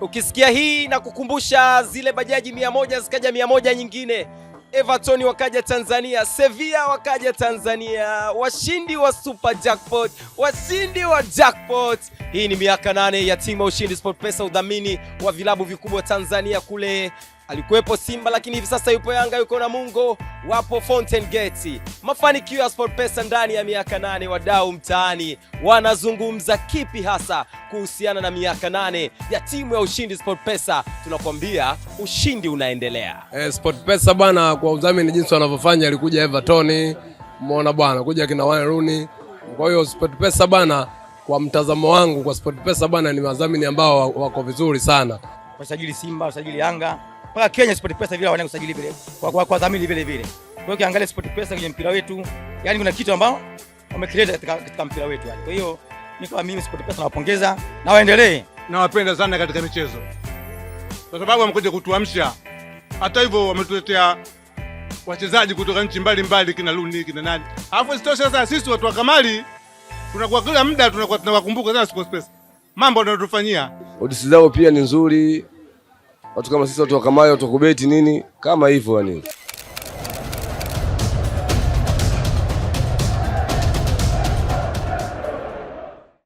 Ukisikia hii na kukumbusha zile bajaji mia moja zikaja mia moja nyingine, Everton wakaja Tanzania, Sevilla wakaja Tanzania, washindi wa super jackpot, washindi wa jackpot. Hii ni miaka nane ya timu ya Ushindi Pesa, udhamini wa vilabu vikubwa Tanzania kule alikuwepo Simba, lakini hivi sasa yupo Yanga, yuko na mungo wapo Fountain Gate. Mafanikio ya pesa ndani ya miaka nane, wadau mtaani wanazungumza kipi hasa kuhusiana na miaka nane ya timu ya ushindi Pesa? Tunakwambia ushindi unaendelea. Eh, Pesa bwana, kwa udhamini jinsi wanavyofanya, alikuja Everton, umeona bwana, kuja kina Wayne Rooney. Kwa hiyo Pesa bwana, kwa mtazamo wangu, kwa Pesa bwana, ni wadhamini ambao wako vizuri sana, wasajili Simba, wasajili Yanga mpaka Kenya Sport Pesa vile hawana kusajili vile kwa kwa, kwa dhamini vile vile. Kwa hiyo ukiangalia Pesa kwenye mpira wetu, yani kuna kitu ambao wamecreate katika, katika mpira wetu yani. Kwa hiyo ni kwa mimi Sport Pesa nawapongeza na waendelee. Nawapenda sana katika michezo kwa sababu wamekuja kutuamsha. Hata hivyo wametuletea wachezaji kutoka nchi mbalimbali, kina Luni, kina nani. Alafu isitoshe sasa sisi watu wa Kamali tunakuwa kila muda tunakuwa tunawakumbuka sana Sport Pesa. mambo wanayotufanyia. Odisi zao pia ni nzuri watu kama sisi, watu wa Kubeti nini kama hivyo yani.